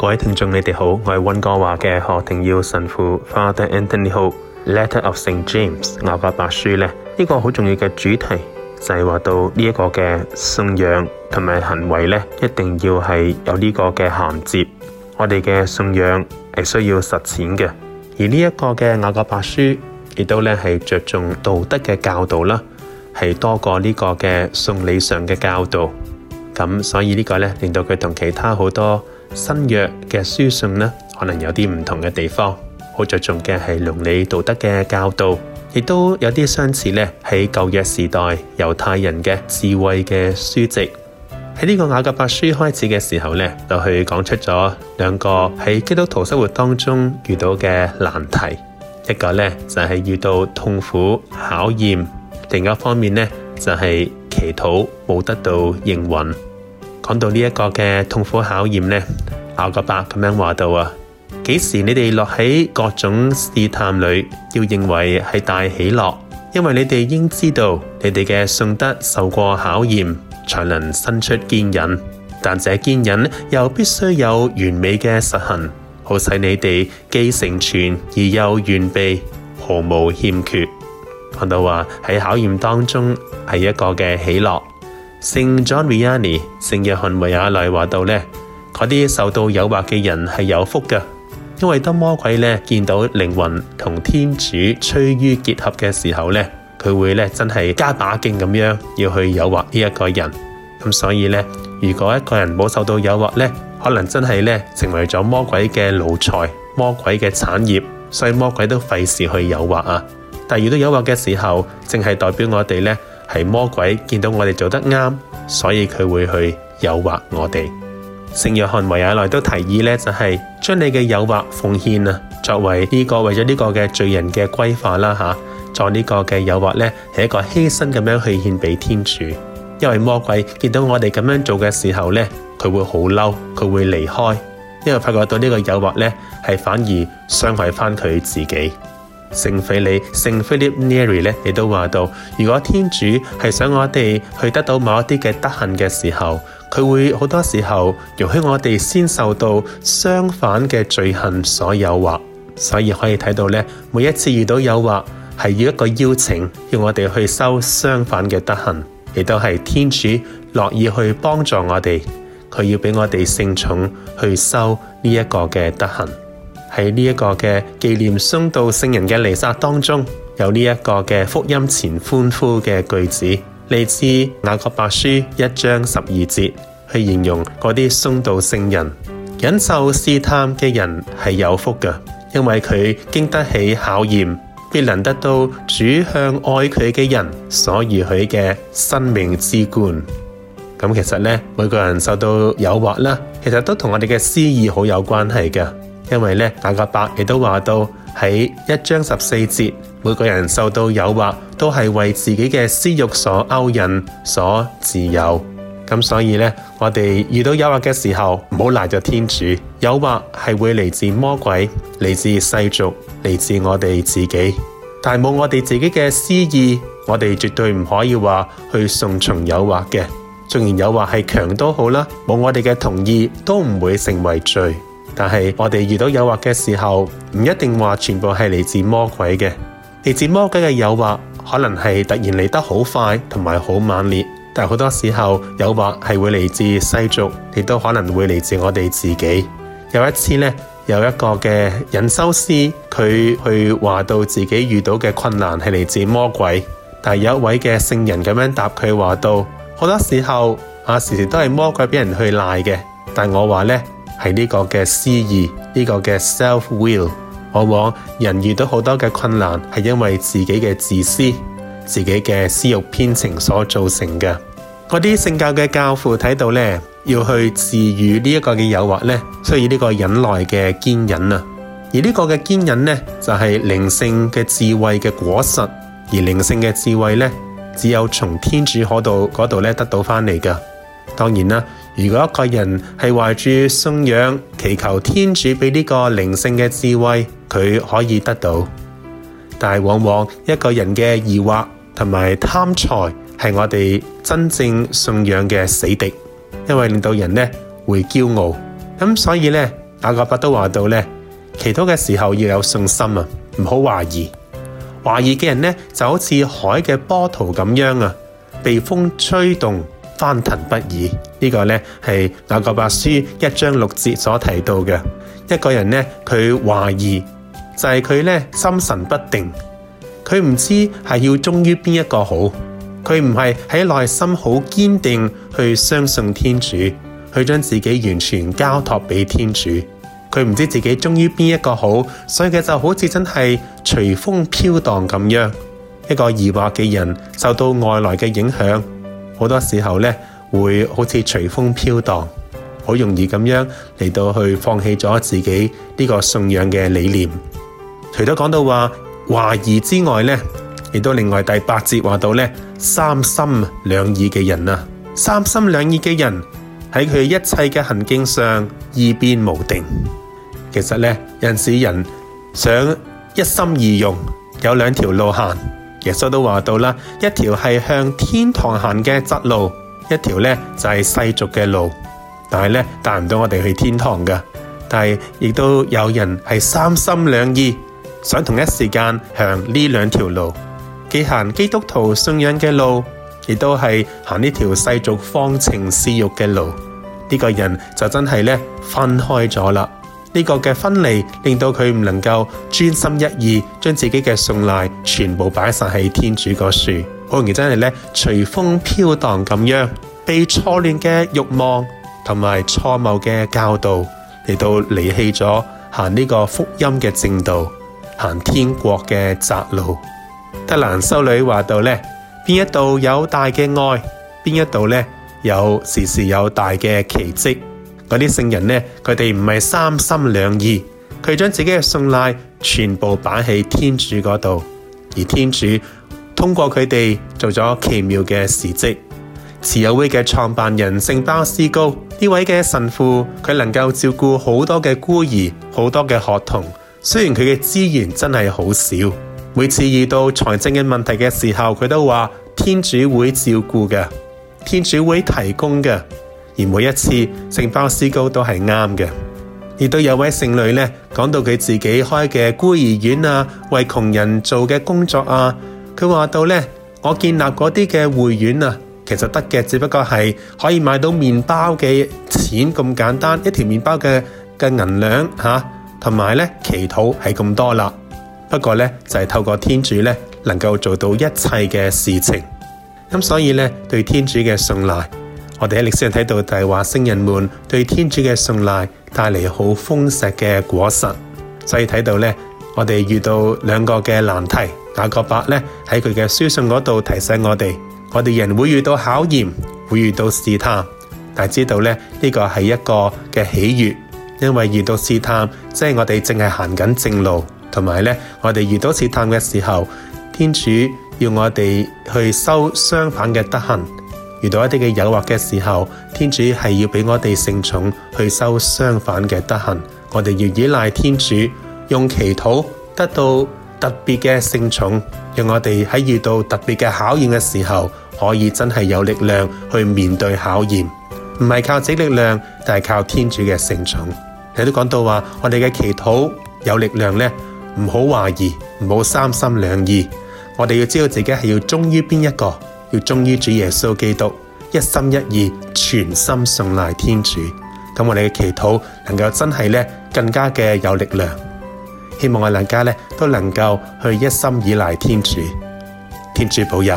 各位聽眾，你哋好，我係溫哥華嘅何庭耀神父。Father Anthony Ho，Letter of Saint James 雅各伯書咧，呢、這個好重要嘅主題就係話到呢一個嘅信仰同埋行為呢一定要係有呢個嘅銜接。我哋嘅信仰係需要實踐嘅，而呢一個嘅雅各伯書亦都咧係着重道德嘅教導啦，係多過呢個嘅送禮上嘅教導。咁所以呢個呢，令到佢同其他好多。新約嘅書信呢，可能有啲唔同嘅地方，好着重嘅係倫理道德嘅教導，亦都有啲相似呢。喺舊約時代，猶太人嘅智慧嘅書籍，喺呢個雅各伯書開始嘅時候呢，就去講出咗兩個喺基督徒生活當中遇到嘅難題，一個呢，就係遇到痛苦考驗，另一個方面呢，就係祈禱冇得到應允。講到這個嘅痛苦考驗咧，雅各伯這樣說到啊，幾時你們落喺各種試探裏，要認為是大喜樂，因為你們應知道，你們的信德受過考驗，才能生出堅忍，但這堅忍又必須有完美的實行，好使你們既成全而又完備，毫無欠缺。講到話喺考驗當中是一個嘅喜樂。聖 John Vianney 聖若翰維雅納話道呢，嗰啲受到誘惑嘅人係有福噶，因為當魔鬼呢見到靈魂同天主趨於結合嘅時候呢，佢會呢真係加把勁咁樣要去誘惑呢一個人。咁所以呢，如果一個人冇受到誘惑呢，可能真係呢成為咗魔鬼嘅奴才、魔鬼嘅產業，所以魔鬼都費事去誘惑啊。但係遇到誘惑嘅時候，淨係代表我哋呢。係魔鬼見到我哋做得啱，所以佢會去誘惑我哋。聖若翰維雅納都提議咧、就是，就係將你嘅誘惑奉獻啊，作為呢、這個為咗呢個嘅罪人嘅歸化啦吓。作呢個嘅誘惑咧係一個犧牲咁樣去獻俾天主，因為魔鬼見到我哋咁樣做嘅時候咧，佢會好嬲，佢會離開，因為發覺到呢個誘惑咧係反而傷害翻佢自己。聖斐理聖 Philip Neri 咧，亦都話到，如果天主係想我哋去得到某一啲嘅德行嘅時候，佢會好多時候容許我哋先受到相反嘅罪行所誘惑，所以可以睇到呢，每一次遇到誘惑，係要一個邀請，要我哋去修相反嘅德行。亦都係天主樂意去幫助我哋，佢要俾我哋聖寵去修呢一個嘅德行。喺呢一個嘅紀念殉道聖人嘅彌撒當中，有呢一個嘅福音前歡呼嘅句子，嚟自雅各伯書一章十二節，去形容嗰啲殉道聖人忍受試探嘅人係有福噶，因為佢經得起考驗，必能得到主向愛佢嘅人，所預許嘅生命之冠。咁其實呢，每個人受到誘惑啦，其實都同我哋嘅私意好有關係噶因為呢，雅各伯亦都說到喺一章十四節，每個人受到誘惑，都是為自己嘅私慾所勾引、所餌誘。所以呢，我哋遇到誘惑嘅時候，唔好賴住天主。誘惑是會嚟自魔鬼、嚟自世俗、嚟自我哋自己。但係冇我哋自己嘅私意，我哋絕對唔可以話去順從誘惑嘅。縱然誘惑是強都好啦，冇我哋嘅同意，都唔會成為罪。但係我哋遇到誘惑嘅時候，唔一定話全部係嚟自魔鬼嘅，嚟自魔鬼嘅誘惑可能係突然嚟得好快同埋好猛烈。但好多時候誘惑係會嚟自世俗，亦都可能會嚟自我哋自己。有一次呢，有一個嘅隱修士，佢去話到自己遇到嘅困難係嚟自魔鬼，但有一位嘅聖人咁樣答佢話到，好多時候啊，時時都係魔鬼畀人去賴嘅，但我話呢。係呢個嘅私意，呢、這個嘅 self will，往往人遇到好多嘅困難，係因為自己嘅自私、自己嘅私欲偏情所造成嘅。嗰啲聖教嘅教父睇到咧，要去治愈呢一個嘅誘惑咧，需要呢個忍耐嘅堅忍啊。而呢個嘅堅忍咧，就係、是、靈性嘅智慧嘅果實，而靈性嘅智慧咧，只有從天主可到嗰度咧得到翻嚟嘅。當然啦。如果一個人係懷住信仰，祈求天主畀呢個靈性嘅智慧，佢可以得到。但係往往一個人嘅疑惑同埋貪財，係我哋真正信仰嘅死敵，因為令到人呢會驕傲、嗯。所以呢，雅各伯都說到呢，祈禱嘅時候要有信心啊，唔好懷疑。懷疑嘅人呢，就好似海嘅波濤咁樣啊，被風吹動，翻騰不已，呢、這個呢，係雅各伯書一章六節所提到嘅。一個人呢，佢懷疑就係、是、佢呢，心神不定，佢唔知係要忠於邊一個好，佢唔係喺內心好堅定去相信天主，去將自己完全交託俾天主，佢唔知自己忠於邊一個好，所以佢就好似真係隨風飄蕩咁樣，一個疑惑嘅人受到外來嘅影響。好多時候咧，會好似隨風飄蕩，好容易咁樣嚟到去放棄咗自己呢個信仰嘅理念。除咗講到話懷疑之外咧，亦都另外第八節話到咧，三心兩意嘅人啊，三心兩意嘅人喺佢一切嘅行徑上易變無定。其實咧，有時人是人，想一心二用，有兩條路行。耶穌都話到啦，一條係向天堂行嘅窄路，一條咧就係世俗嘅路，但係咧帶唔到我哋去天堂嘅。但係亦都有人係三心兩意，想同一時間行呢兩條路，既行基督徒信仰嘅路，亦都係行呢條世俗方程私欲嘅路，呢、呢個人就真係咧分開咗啦。呢個嘅分離令到佢唔能夠專心一意將自己嘅信賴全部擺曬喺天主個樹，好容易真係咧隨風飄蕩咁樣，被錯亂嘅慾望同埋錯誤嘅教導嚟到離棄咗行呢個福音嘅正道，行天國嘅窄路。德蘭修女話到，呢邊一度有大嘅愛，邊一度呢有時時有大嘅奇蹟。嗰啲聖人呢，佢哋唔係三心兩意，佢將自己嘅信賴全部擺喺天主嗰度，而天主通過佢哋做咗奇妙嘅事蹟。慈幼會嘅創辦人聖鮑斯高，呢位嘅神父，佢能夠照顧好多嘅孤兒、好多嘅學童，雖然佢嘅資源真係好少，每次遇到財政嘅問題嘅時候，佢都話天主會照顧嘅，天主會提供嘅。而每一次聖包斯高都係啱嘅，亦都有位聖女咧講到佢自己開嘅孤兒院啊，為窮人做嘅工作啊，佢話到咧，我建立嗰啲嘅會院啊，其實得嘅只不過係可以買到麵包嘅錢咁簡單，一條麵包嘅嘅銀兩吓，同埋咧祈禱係咁多啦。不過咧就係、是、透過天主咧，能夠做到一切嘅事情，咁、嗯、所以咧對天主嘅信賴。我哋喺歷史上睇到，就係、是、話聖人們對天主嘅信賴帶嚟好豐碩嘅果實。所以睇到呢，我哋遇到兩個嘅難題。雅各伯呢，喺佢嘅書信嗰度提醒我哋，我哋人會遇到考驗，會遇到試探。但知道呢，呢、這個是一個嘅喜悅，因為遇到試探，即係我哋正係行緊正路。同埋呢，我哋遇到試探嘅時候，天主要我哋去修相反嘅德行。遇到一啲嘅誘惑嘅時候，天主係要畀我哋聖寵去收相反嘅德行，我哋要依賴天主，用祈禱得到特別嘅聖寵，讓我哋喺遇到特別嘅考驗嘅時候，可以真係有力量去面對考驗，唔係靠自己力量，但係靠天主嘅聖寵。你都講到話，我哋嘅祈禱有力量呢，唔好懷疑，唔好三心兩意，我哋要知道自己係要忠於邊一個？要忠於主耶穌基督，一心一意，全心信賴天主。咁我哋嘅祈禱能夠真係咧更加嘅有力量。希望我大家咧都能夠去一心倚賴天主，天主保佑。